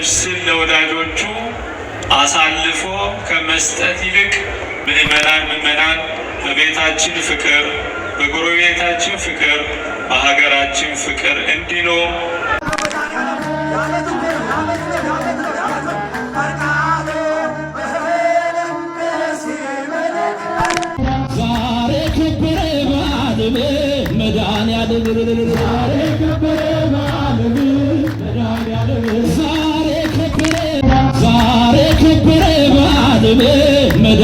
ነፍስን ለወዳጆቹ አሳልፎ ከመስጠት ይልቅ ምእመናን ምእመናን በቤታችን ፍቅር፣ በጎረቤታችን ፍቅር፣ በሀገራችን ፍቅር እንዲኖር መድኃኒዓለም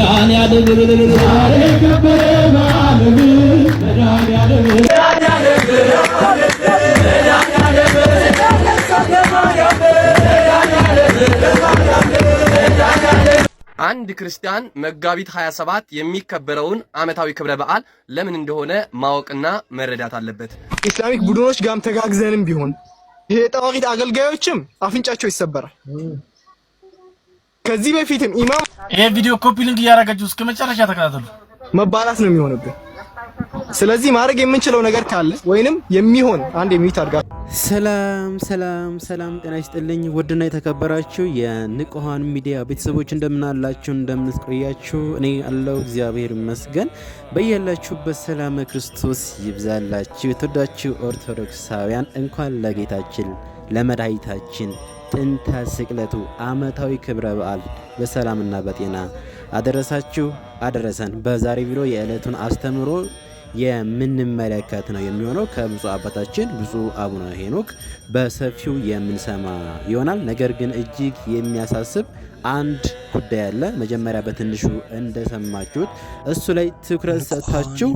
አንድ ክርስቲያን መጋቢት 27 የሚከበረውን ዓመታዊ ክብረ በዓል ለምን እንደሆነ ማወቅና መረዳት አለበት። ኢስላሚክ ቡድኖች ጋም ተጋግዘንም ቢሆን ይሄ አገልጋዮችም አፍንጫቸው ይሰበራል። ከዚህ በፊትም ኢማም ይሄ ቪዲዮ ኮፒ ሊንክ እያደረጋችሁ እስከ መጨረሻ ተከታተሉ። መባላት ነው የሚሆንብን። ስለዚህ ማድረግ የምንችለው ነገር ካለ ወይንም የሚሆን አንድ የሚዩት አድርጋ። ሰላም ሰላም ሰላም፣ ጤና ይስጥልኝ ውድና የተከበራችሁ የንቁሃን ሚዲያ ቤተሰቦች እንደምናላችሁ እንደምንቆያችሁ፣ እኔ አለው እግዚአብሔር ይመስገን። በያላችሁበት ሰላም ክርስቶስ ይብዛላችሁ። የተወዳችሁ ኦርቶዶክሳውያን እንኳን ለጌታችን ለመድኃኒታችን ጥንተ ስቅለቱ ዓመታዊ ክብረ በዓል በሰላምና በጤና አደረሳችሁ አደረሰን። በዛሬ ቪዲዮ የዕለቱን አስተምሮ የምንመለከት ነው የሚሆነው ከብፁዕ አባታችን ብፁዕ አቡነ ሄኖክ በሰፊው የምንሰማ ይሆናል። ነገር ግን እጅግ የሚያሳስብ አንድ ጉዳይ አለ። መጀመሪያ በትንሹ እንደሰማችሁት እሱ ላይ ትኩረት ሰጥታችሁ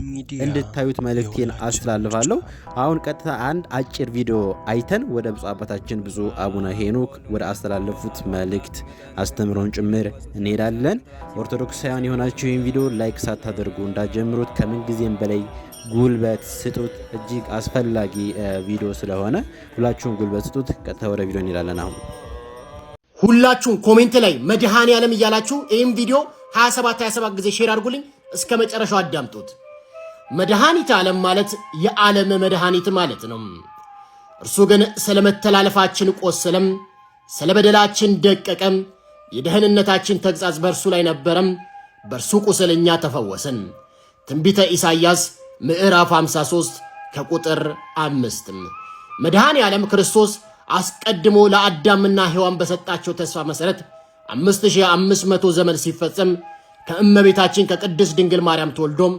እንድታዩት መልእክቴን አስተላልፋለሁ። አሁን ቀጥታ አንድ አጭር ቪዲዮ አይተን ወደ ብፁዕ አባታችን ብፁዕ አቡነ ሄኖክ ወደ አስተላለፉት መልእክት አስተምረውን ጭምር እንሄዳለን። ኦርቶዶክሳውያን የሆናችሁ ይህን ቪዲዮ ላይክ ሳታደርጉ እንዳጀምሩት ከምን ጊዜም በላይ ጉልበት ስጡት። እጅግ አስፈላጊ ቪዲዮ ስለሆነ ሁላችሁም ጉልበት ስጡት። ቀጥታ ወደ ቪዲዮ እንሄዳለን አሁን ሁላችሁም ኮሜንት ላይ መድሃኔ ዓለም እያላችሁ ይህም ቪዲዮ 27 27 ጊዜ ሼር አድርጉልኝ። እስከ መጨረሻው አዳምጡት። መድኃኒት ዓለም ማለት የዓለም መድኃኒት ማለት ነው። እርሱ ግን ስለ መተላለፋችን ቆሰለም፣ ስለ በደላችን ደቀቀም። የደህንነታችን ተግሣጽ በእርሱ ላይ ነበረም፣ በእርሱ ቁስል እኛ ተፈወስን። ትንቢተ ኢሳይያስ ምዕራፍ 53 ከቁጥር አምስትም መድኃኔ ዓለም ክርስቶስ አስቀድሞ ለአዳምና ሔዋን በሰጣቸው ተስፋ መሠረት 5500 ዘመን ሲፈጸም ከእመቤታችን ከቅድስት ድንግል ማርያም ተወልዶም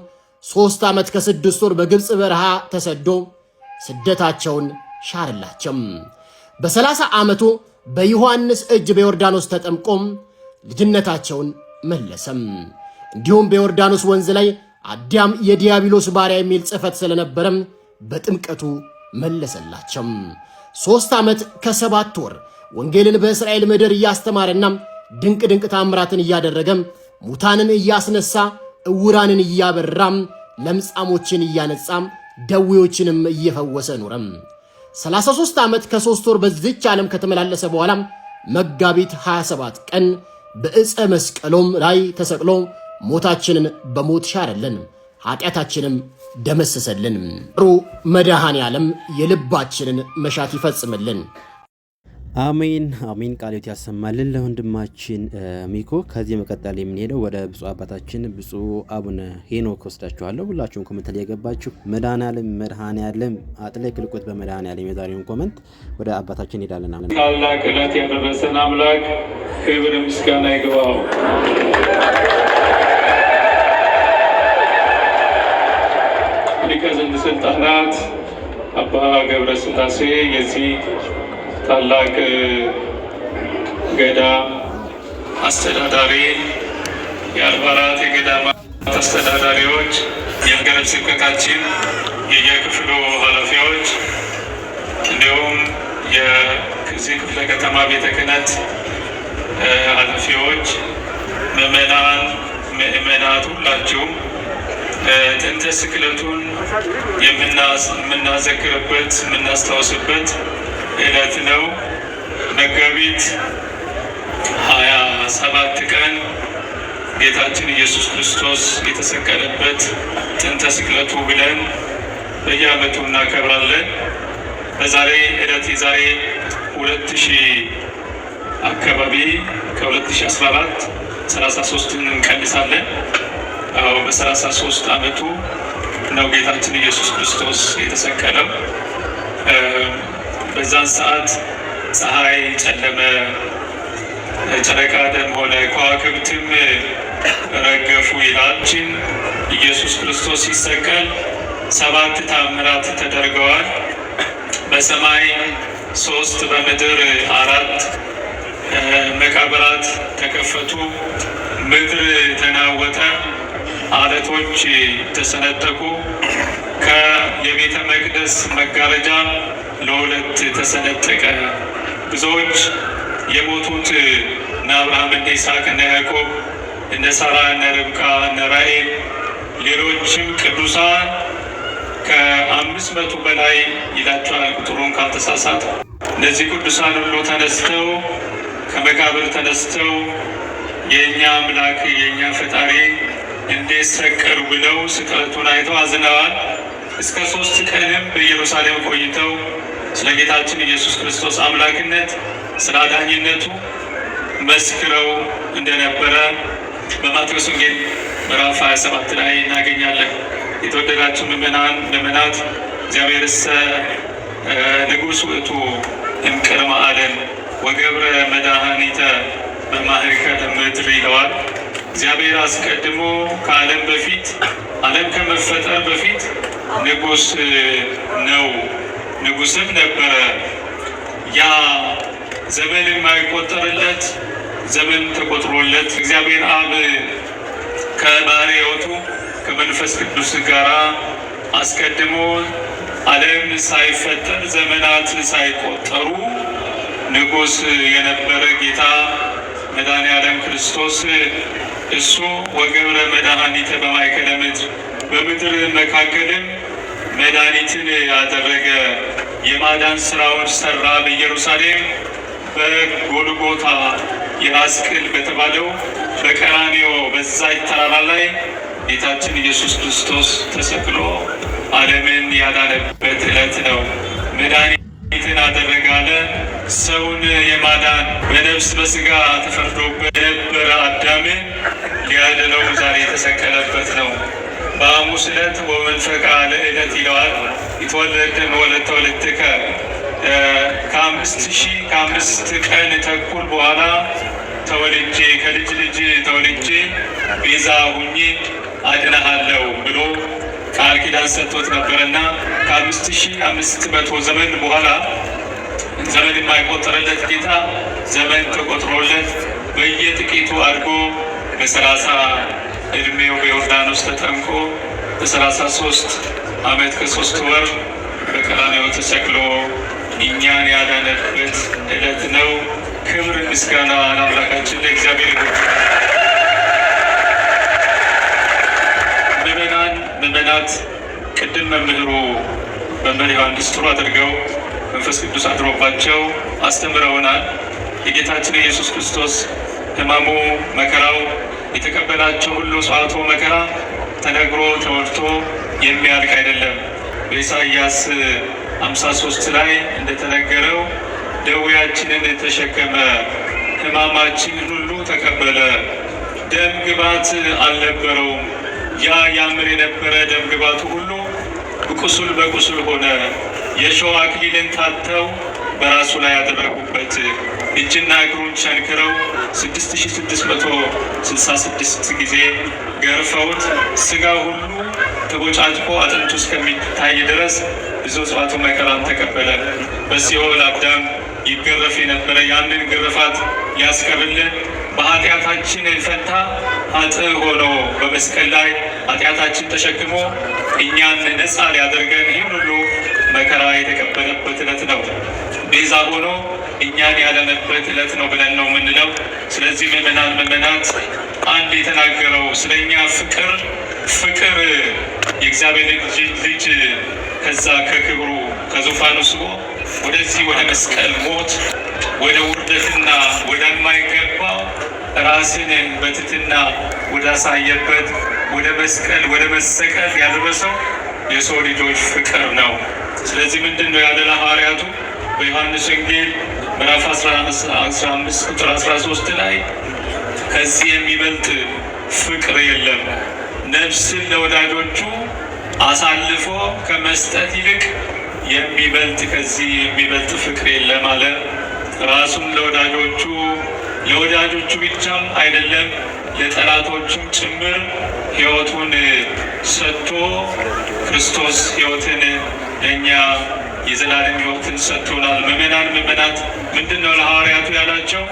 ሦስት ዓመት ከስድስት ወር በግብፅ በረሃ ተሰዶ ስደታቸውን ሻርላቸው። በሰላሳ ዓመቱ በዮሐንስ እጅ በዮርዳኖስ ተጠምቆም ልጅነታቸውን መለሰም። እንዲሁም በዮርዳኖስ ወንዝ ላይ አዳም የዲያብሎስ ባሪያ የሚል ጽሕፈት ስለነበረም በጥምቀቱ መለሰላቸው። ሦስት ዓመት ከሰባት ወር ወንጌልን በእስራኤል ምድር እያስተማረና ድንቅ ድንቅ ታምራትን እያደረገ ሙታንን እያስነሳ እውራንን እያበራ ለምጻሞችን እያነጻ ደዌዎችንም እየፈወሰ ኖረም። 33 ዓመት ከሦስት ወር በዚች ዓለም ከተመላለሰ በኋላ መጋቢት 27 ቀን በዕፀ መስቀሎም ላይ ተሰቅሎ ሞታችንን በሞት ሻረለን ኃጢአታችንም ደመሰሰልን። ሩ መድኃኔ ዓለም የልባችንን መሻት ይፈጽምልን። አሜን አሜን። ቃሎት ያሰማልን ለወንድማችን ሚኮ። ከዚህ መቀጠል የምንሄደው ወደ ብፁ አባታችን ብፁ አቡነ ሄኖክ ወስዳችኋለሁ። ሁላችሁም ኮመንት ላይ የገባችሁ መድኃኔ ዓለም መድኃኔ ዓለም አጥለቅ ልቁት በመድኃኔ ዓለም የዛሬውን ኮመንት ወደ አባታችን ሄዳለን። አለ ታላቅ ዕለት ያደረሰን አምላክ ክብር ምስጋና ይገባው። ሊቀ ስልጣናት አባ ገብረ ስላሴ የዚህ ታላቅ ገዳ አስተዳዳሪ፣ የአርባ አራት የገዳማት አስተዳዳሪዎች፣ የሀገረ ስብከታችን የየክፍሉ ኃላፊዎች እንዲሁም የዚህ ክፍለ ከተማ ቤተ ክህነት ኃላፊዎች፣ ምእመናን፣ ምእመናት ሁላችሁም ጥንተ ስቅለቱን የምናዘክርበት የምናስታውስበት ዕለት ነው። መጋቢት ሀያ ሰባት ቀን ጌታችን ኢየሱስ ክርስቶስ የተሰቀለበት ጥንተ ስቅለቱ ብለን በየዓመቱ እናከብራለን። በዛሬ ዕለት የዛሬ ሁለት ሺህ አካባቢ ከ2014 33 ን እንቀንሳለን። አዎ በሰላሳ ሶስት አመቱ ነው ጌታችን ኢየሱስ ክርስቶስ የተሰቀለው። በዛን ሰዓት ፀሐይ ጨለመ፣ ጨረቃ ደም ሆነ፣ ከዋክብትም ረገፉ ይላችን ኢየሱስ ክርስቶስ ሲሰቀል ሰባት ታምራት ተደርገዋል። በሰማይ ሶስት በምድር አራት መቃብራት ተከፈቱ፣ ምድር ተናወጠ። አለቶች ተሰነጠቁ። የቤተ መቅደስ መጋረጃ ለሁለት ተሰነጠቀ። ብዙዎች የሞቱት እነ አብርሃም፣ እነ ይስሐቅ፣ እነ ያዕቆብ፣ እነ ሳራ፣ እነ ርብቃ፣ እነ ራኤል፣ ሌሎችም ቅዱሳን ከአምስት መቶ በላይ ይላቸዋል። ቁጥሩን ካልተሳሳት እነዚህ ቅዱሳን ሁሉ ተነስተው ከመቃብር ተነስተው የእኛ አምላክ የእኛ ፈጣሪ እንዲሰቀሉ ብለው ስቅለቱን አይተው አዝነዋል። እስከ ሶስት ቀንም በኢየሩሳሌም ቆይተው ስለ ጌታችን ኢየሱስ ክርስቶስ አምላክነት ስለ አዳኝነቱ መስክረው እንደነበረ በማቴዎስ ወንጌል ምዕራፍ 27 ላይ እናገኛለን። የተወደዳችሁ ምእመናን፣ ምእመናት እግዚአብሔር እሰ ንጉሥ ውእቱ እምቅድመ ዓለም ወገብረ መድኃኒተ በማህከለ ምድር ይለዋል። እግዚአብሔር አስቀድሞ ከዓለም በፊት ዓለም ከመፈጠር በፊት ንጉስ ነው፣ ንጉስም ነበረ። ያ ዘመን የማይቆጠርለት ዘመን ተቆጥሮለት እግዚአብሔር አብ ከባሕሪ ከመንፈስ ቅዱስ ጋር አስቀድሞ ዓለም ሳይፈጠር ዘመናት ሳይቆጠሩ ንጉስ የነበረ ጌታ መድኃኔ ዓለም ክርስቶስ እሱ ወገብረ መድኃኒት በማእከለ ምድር በምድር መካከልም መድኃኒትን ያደረገ የማዳን ስራውን ሰራ። በኢየሩሳሌም በጎልጎታ የራስ ቅል በተባለው በቀራንዮ በዛ ተራራ ላይ ጌታችን ኢየሱስ ክርስቶስ ተሰቅሎ ዓለምን ያዳነበት ዕለት ነው። መድኃኒት መድኃኒትን አደረገ አለ። ሰውን የማዳን በነፍስ በስጋ ተፈርዶበት የነበረ አዳም ሊያድነው ዛሬ የተሰቀለበት ነው። በሐሙስ ዕለት ፈቃ ለዕለት ይለዋል። ይትወለድ ወለተ ወለትከ ከአምስት ሺህ ከአምስት ቀን ተኩል በኋላ ተወልጄ ከልጅ ልጅ ተወልጄ ቤዛ ሁኜ አድናሃለሁ ብሎ ቃል ኪዳን ሰጥቶት ነበረና ከአምስት ሺህ አምስት መቶ ዘመን በኋላ ዘመን የማይቆጠረለት ጌታ ዘመን ተቆጥሮለት በየጥቂቱ አድጎ በሰላሳ እድሜው በዮርዳኖስ ተጠምቆ በሰላሳ ሶስት አመት ከሶስት ወር በቀራንዮ ተሰቅሎ እኛን ያዳነበት እለት ነው። ክብር ምስጋና ለአምላካችን ለእግዚአብሔር ይሁን። ምዕመናን ምዕመናት ቅድም መምህሩ መምህር ዮሐንስ ጥሩ አድርገው መንፈስ ቅዱስ አድሮባቸው አስተምረውናል። የጌታችን የኢየሱስ ክርስቶስ ሕማሙ መከራው የተቀበላቸው ሁሉ ሰዓቶ መከራ ተነግሮ ተወርቶ የሚያልቅ አይደለም። በኢሳይያስ 53 ላይ እንደተነገረው ደዌያችንን የተሸከመ ህማማችን ሁሉ ተቀበለ፣ ደም ግባት አልነበረውም ያ ያምር የነበረ ደምግባቱ ሁሉ ቁስል በቁስል ሆነ። የሸዋ አክሊልን ታተው በራሱ ላይ ያደረጉበት እጅና እግሩን ቸንክረው 6666 ጊዜ ገርፈውት ስጋ ሁሉ ተቦጫጭቆ አጥንቱ እስከሚታይ ድረስ ብዙ ጽዋቱ መከራን ተቀበለ። በሲኦል አዳም ይገረፍ የነበረ ያንን ግርፋት ሊያስቀርልን በኃጢአታችን ፈንታ አጥር ሆኖ በመስቀል ላይ ኃጢአታችን ተሸክሞ እኛን ነፃ ሊያደርገን ይህን ሁሉ መከራ የተቀበለበት ዕለት ነው። ቤዛ ሆኖ እኛን ያለነበት ዕለት ነው ብለን ነው የምንለው። ስለዚህ ምዕመናን ምዕመናት አንድ የተናገረው ስለ እኛ ፍቅር ፍቅር የእግዚአብሔር ልጅ ከዛ ከክብሩ ከዙፋኑ ስቦ ወደዚህ ወደ መስቀል ሞት ወደ ውደትና ወደማይገባ ራስንን በትትና ወዳሳየበት ወደ መስቀል ወደ መሰቀል ያደረሰው የሰው ልጆች ፍቅር ነው። ስለዚህ ምንድን ነው ያለን ሐዋርያቱ በዮሐንስ ወንጌል ምዕራፍ 15 ቁጥር 13 ላይ ከዚህ የሚበልጥ ፍቅር የለም ነፍስን ለወዳጆቹ አሳልፎ ከመስጠት ይልቅ የሚበልጥ ከዚህ የሚበልጥ ፍቅር የለም አለ። ራሱን ለወዳጆቹ ለወዳጆቹ ብቻም አይደለም ለጠላቶቹም ጭምር ሕይወቱን ሰጥቶ ክርስቶስ ሕይወትን ለእኛ የዘላለም ሕይወትን ሰጥቶናል። ምእመናን ምእመናት ምንድን ነው ለሐዋርያቱ ያላቸው?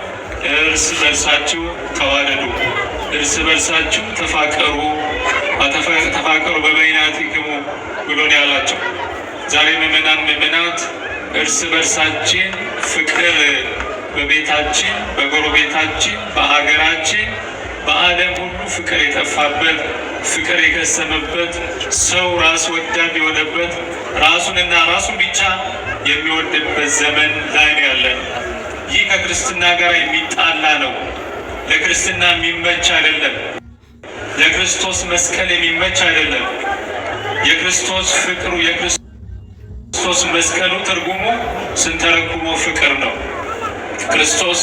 እርስ በርሳችሁ ተዋደዱ፣ እርስ በርሳችሁ ተፋቀሩ፣ ተፋቀሩ በበይናቲክሙ ብሎን ያላቸው ዛሬ ምእመናን ምእመናት እርስ በርሳችን ፍቅር በቤታችን፣ በጎረቤታችን፣ በሀገራችን፣ በዓለም ሁሉ ፍቅር የጠፋበት ፍቅር የከሰመበት ሰው ራስ ወዳድ የሆነበት ራሱንና ራሱን ብቻ የሚወድበት ዘመን ላይ ነው ያለን። ይህ ከክርስትና ጋር የሚጣላ ነው። ለክርስትና የሚመች አይደለም። ለክርስቶስ መስቀል የሚመች አይደለም። የክርስቶስ ፍቅሩ ክርስቶስ መስቀሉ ትርጉሙ ስንተረጉሞ ፍቅር ነው። ክርስቶስ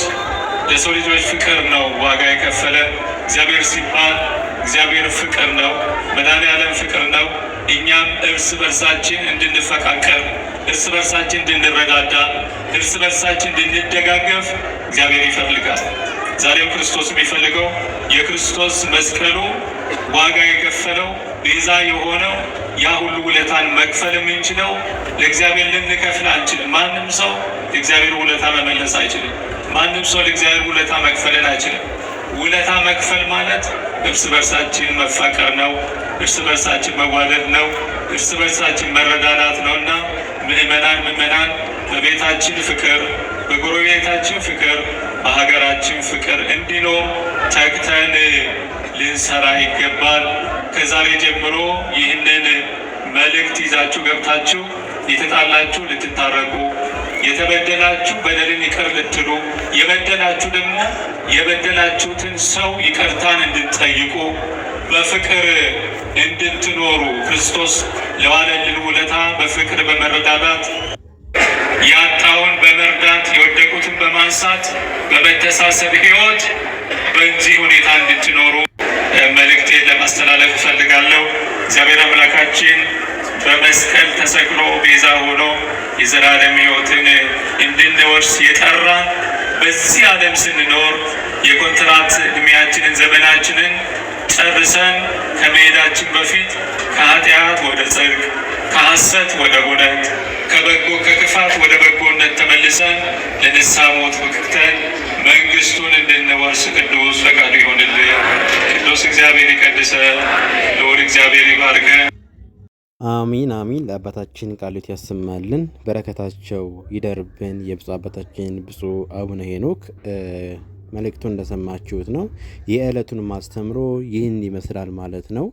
ለሰው ልጆች ፍቅር ነው ዋጋ የከፈለ እግዚአብሔር ሲባል እግዚአብሔር ፍቅር ነው። መድኃኒዓለም ፍቅር ነው። እኛም እርስ በርሳችን እንድንፈቃቀር፣ እርስ በርሳችን እንድንረዳዳ፣ እርስ በርሳችን እንድንደጋገፍ እግዚአብሔር ይፈልጋል። ዛሬም ክርስቶስ የሚፈልገው የክርስቶስ መስቀሉ ዋጋ የከፈለው ቤዛ የሆነው ያ ሁሉ ውለታን መክፈል የምንችለው ለእግዚአብሔር ልንከፍል አንችልም። ማንም ሰው ለእግዚአብሔር ውለታ መመለስ አይችልም። ማንም ሰው ለእግዚአብሔር ውለታ መክፈልን አይችልም። ውለታ መክፈል ማለት እርስ በርሳችን መፋቀር ነው። እርስ በርሳችን መዋደድ ነው። እርስ በርሳችን መረዳዳት ነው እና ምእመናን ምእመናን በቤታችን ፍቅር፣ በጎረቤታችን ፍቅር፣ በሀገራችን ፍቅር እንዲኖር ተግተን ልንሰራ ይገባል። ከዛሬ ጀምሮ ይህንን መልእክት ይዛችሁ ገብታችሁ የተጣላችሁ ልትታረቁ፣ የተበደላችሁ በደልን ይቅር ልትሉ፣ የበደላችሁ ደግሞ የበደላችሁትን ሰው ይቅርታን እንድትጠይቁ በፍቅር እንድትኖሩ ክርስቶስ ለዋለልን ውለታ በፍቅር በመረዳዳት ያጣውን በመርዳት የወደቁትን በማንሳት በመተሳሰብ ህይወት በዚህ ሁኔታ እንድትኖሩ መልእክቴ ለማስተላለፍ እፈልጋለሁ። እግዚአብሔር አምላካችን በመስቀል ተሰቅሎ ቤዛ ሆኖ የዘላለም ህይወትን እንድንወርስ የጠራ በዚህ ዓለም ስንኖር የኮንትራት እድሜያችንን ዘመናችንን ጨርሰን ከመሄዳችን በፊት ከኃጢአት ወደ ጽድቅ፣ ከሐሰት ወደ እውነት ከበጎ ከክፋት ወደ በጎነት ተመልሰን ለንስሐ ሞት በቅተን መንግስቱን እንድንወርስ ቅዱስ ፈቃዱ ይሆንልን። ቅዱስ እግዚአብሔር ይቀድሰ ለወድ እግዚአብሔር ይባርከን። አሚን አሚን። ለአባታችን ቃሉት ያሰማልን፣ በረከታቸው ይደርብን። የብፁዕ አባታችን ብፁዕ አቡነ ሄኖክ መልእክቱ እንደሰማችሁት ነው። የዕለቱን ማስተምሮ ይህን ይመስላል ማለት ነው።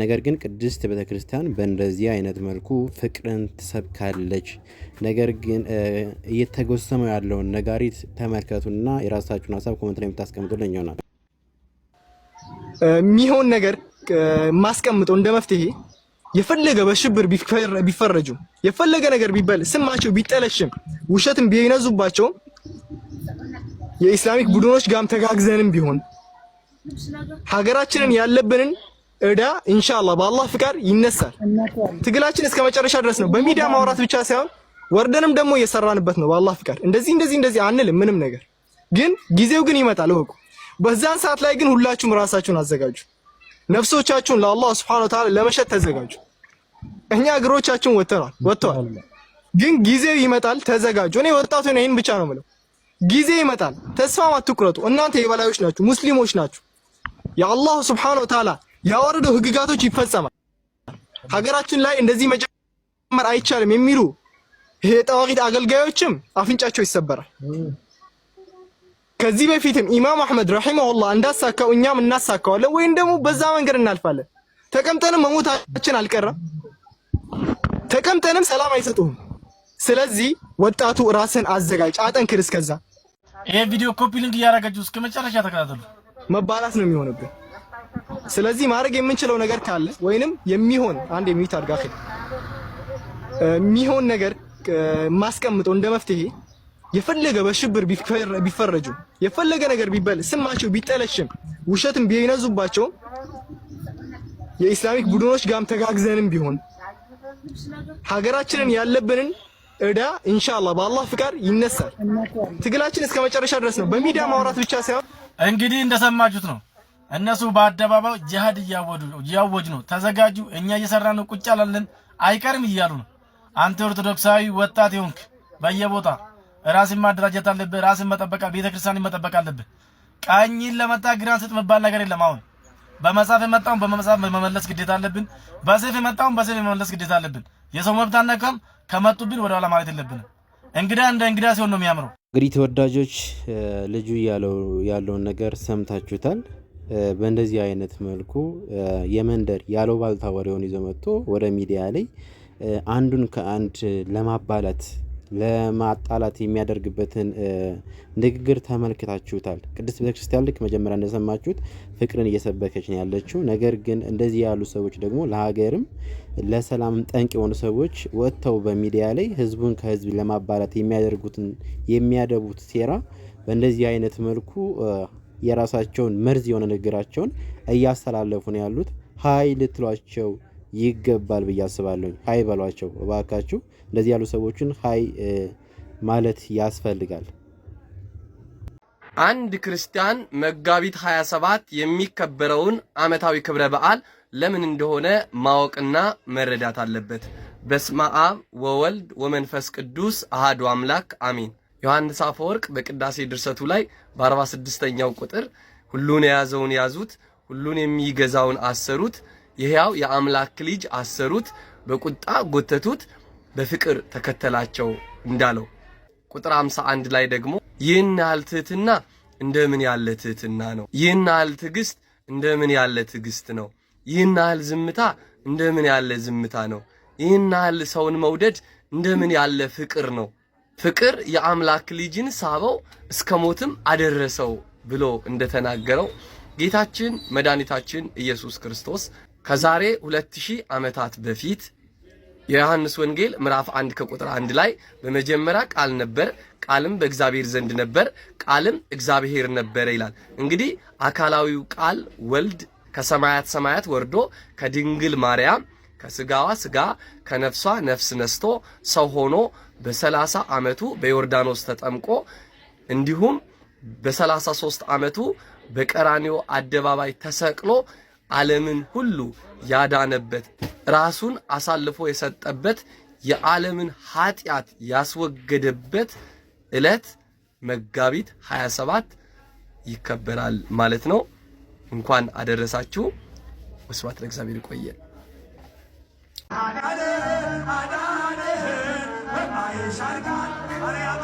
ነገር ግን ቅድስት ቤተ ክርስቲያን በእንደዚህ አይነት መልኩ ፍቅርን ትሰብካለች። ነገር ግን እየተጎሰመው ያለውን ነጋሪት ተመልከቱና የራሳችሁን ሀሳብ ኮመንት ላይ የምታስቀምጡልኝ ይሆናል። የሚሆን ነገር ማስቀምጠው እንደ መፍትሄ የፈለገ በሽብር ቢፈረጁ የፈለገ ነገር ቢበል ስማቸው ቢጠለሽም ውሸትም ቢነዙባቸውም የኢስላሚክ ቡድኖች ጋም ተጋግዘንም ቢሆን ሀገራችንን ያለብንን እዳ ኢንሻአላህ በአላህ ፍቃድ ይነሳል። ትግላችን እስከ መጨረሻ ድረስ ነው። በሚዲያ ማውራት ብቻ ሳይሆን ወርደንም ደግሞ እየሰራንበት ነው። በአላህ ፍቃድ እንደዚህ እንደዚህ እንደዚህ አንልም ምንም ነገር ግን ጊዜው ግን ይመጣል እወቁ። በዛን ሰዓት ላይ ግን ሁላችሁም ራሳችሁን አዘጋጁ። ነፍሶቻችሁን ለአላህ ሱብሓነሁ ወተዓላ ለመሸጥ ተዘጋጁ። እኛ እግሮቻችን ወጥተናል፣ ወጥተዋል፣ ግን ጊዜው ይመጣል። ተዘጋጁ። እኔ ወጣቱ ይሄን ብቻ ነው የምለው። ጊዜ ይመጣል። ተስፋም አትቁረጡ። እናንተ የበላዮች ናችሁ፣ ሙስሊሞች ናችሁ። የአላሁ ስብሐነሁ ወተዓላ ያወረደው ህግጋቶች ይፈጸማል። ሀገራችን ላይ እንደዚህ መጨመር አይቻልም የሚሉ ይሄ አገልጋዮችም አፍንጫቸው ይሰበራል። ከዚህ በፊትም ኢማም አህመድ ረሂመሁላህ እንዳሳካው እኛም እናሳካዋለን ወይም ደግሞ በዛ መንገድ እናልፋለን። ተቀምጠንም መሞታችን አልቀረም። ተቀምጠንም ሰላም አይሰጡም። ስለዚህ ወጣቱ ራስን አዘጋጅ፣ አጠንክር እስከዛ ይሄ ቪዲዮ ኮፒ ሊንክ እያደረጋችሁ እስከ መጨረሻ ተከታተሉ። መባላት ነው የሚሆንብን። ስለዚህ ማድረግ የምንችለው ነገር ካለ ወይንም የሚሆን አንድ የሚዩት አድርጋ የሚሆን ነገር ማስቀምጠው እንደ መፍትሄ የፈለገ በሽብር ቢፈረጁ የፈለገ ነገር ቢበል ስማቸው ቢጠለሽም ውሸትም ቢነዙባቸው የኢስላሚክ ቡድኖች ጋርም ተጋግዘንም ቢሆን ሀገራችንን ያለብንን እዳ ኢንሻአላህ በአላህ ፍቃድ ይነሳል። ትግላችን እስከ መጨረሻ ድረስ ነው። በሚዲያ ማውራት ብቻ ሳይሆን እንግዲህ እንደሰማችሁት ነው። እነሱ በአደባባይ ጂሃድ እያወጁ ነው። ተዘጋጁ፣ እኛ እየሰራ ነው፣ ቁጭ አላለን፣ አይቀርም እያሉ ነው። አንተ ኦርቶዶክሳዊ ወጣት ይሁንክ በየቦታ ራስን ማደራጀት አለብህ። ራስን መጠበቅ፣ ቤተክርስቲያን መጠበቅ አለብህ። ቀኝን ለመጣ ግራን ስጥ መባል ነገር የለም። አሁን በመጻፍ የመጣውን በመጻፍ መመለስ ግዴታ አለብን። በሰይፍ የመጣውን በሰይፍ መመለስ ግዴታ አለብን። የሰው መብት አናካም። ከመጡብን ወደኋላ ማለት የለብንም። እንግዳ እንደ እንግዳ ሲሆን ነው የሚያምረው። እንግዲህ ተወዳጆች ልጁ ያለውን ነገር ሰምታችሁታል። በእንደዚህ አይነት መልኩ የመንደር ያለው ወሬውን ይዞ መጥቶ ወደ ሚዲያ ላይ አንዱን ከአንድ ለማባላት ለማጣላት የሚያደርግበትን ንግግር ተመልክታችሁታል። ቅድስት ቤተክርስቲያን ልክ መጀመሪያ እንደሰማችሁት ፍቅርን እየሰበከች ነው ያለችው። ነገር ግን እንደዚህ ያሉ ሰዎች ደግሞ ለሀገርም ለሰላምም ጠንቅ የሆኑ ሰዎች ወጥተው በሚዲያ ላይ ህዝቡን ከህዝብ ለማባላት የሚያደርጉትን የሚያደቡት ሴራ በእንደዚህ አይነት መልኩ የራሳቸውን መርዝ የሆነ ንግግራቸውን እያስተላለፉ ነው ያሉት። ሀይ ልትሏቸው ይገባል ብዬ አስባለሁ። ሀይ በሏቸው እባካችሁ። እንደዚህ ያሉ ሰዎችን ሀይ ማለት ያስፈልጋል። አንድ ክርስቲያን መጋቢት 27 የሚከበረውን ዓመታዊ ክብረ በዓል ለምን እንደሆነ ማወቅና መረዳት አለበት። በስመ አብ ወወልድ ወመንፈስ ቅዱስ አህዱ አምላክ አሚን። ዮሐንስ አፈወርቅ በቅዳሴ ድርሰቱ ላይ በ46ኛው ቁጥር ሁሉን የያዘውን ያዙት፣ ሁሉን የሚገዛውን አሰሩት የሕያው የአምላክ ልጅ አሰሩት፣ በቁጣ ጎተቱት፣ በፍቅር ተከተላቸው እንዳለው ቁጥር 51 ላይ ደግሞ ይህን ያህል ትህትና እንደምን ያለ ትህትና ነው! ይህን ያህል ትዕግስት እንደምን ያለ ትዕግስት ነው! ይህን ያህል ዝምታ እንደምን ያለ ዝምታ ነው! ይህን ያህል ሰውን መውደድ እንደምን ያለ ፍቅር ነው! ፍቅር የአምላክ ልጅን ሳበው እስከ ሞትም አደረሰው ብሎ እንደተናገረው ጌታችን መድኃኒታችን ኢየሱስ ክርስቶስ ከዛሬ 2000 ዓመታት በፊት የዮሐንስ ወንጌል ምዕራፍ 1 ከቁጥር 1 ላይ በመጀመሪያ ቃል ነበር፣ ቃልም በእግዚአብሔር ዘንድ ነበር፣ ቃልም እግዚአብሔር ነበረ ይላል። እንግዲህ አካላዊው ቃል ወልድ ከሰማያት ሰማያት ወርዶ ከድንግል ማርያም ከስጋዋ ስጋ ከነፍሷ ነፍስ ነስቶ ሰው ሆኖ በሰላሳ ዓመቱ በዮርዳኖስ ተጠምቆ እንዲሁም በሰላሳ ሦስት ዓመቱ በቀራኒዮ አደባባይ ተሰቅሎ ዓለምን ሁሉ ያዳነበት ራሱን አሳልፎ የሰጠበት የዓለምን ኃጢአት ያስወገደበት ዕለት መጋቢት 27 ይከበራል ማለት ነው። እንኳን አደረሳችሁ። ወስብሐት ለእግዚአብሔር። ቆየ አዳነ አዳነ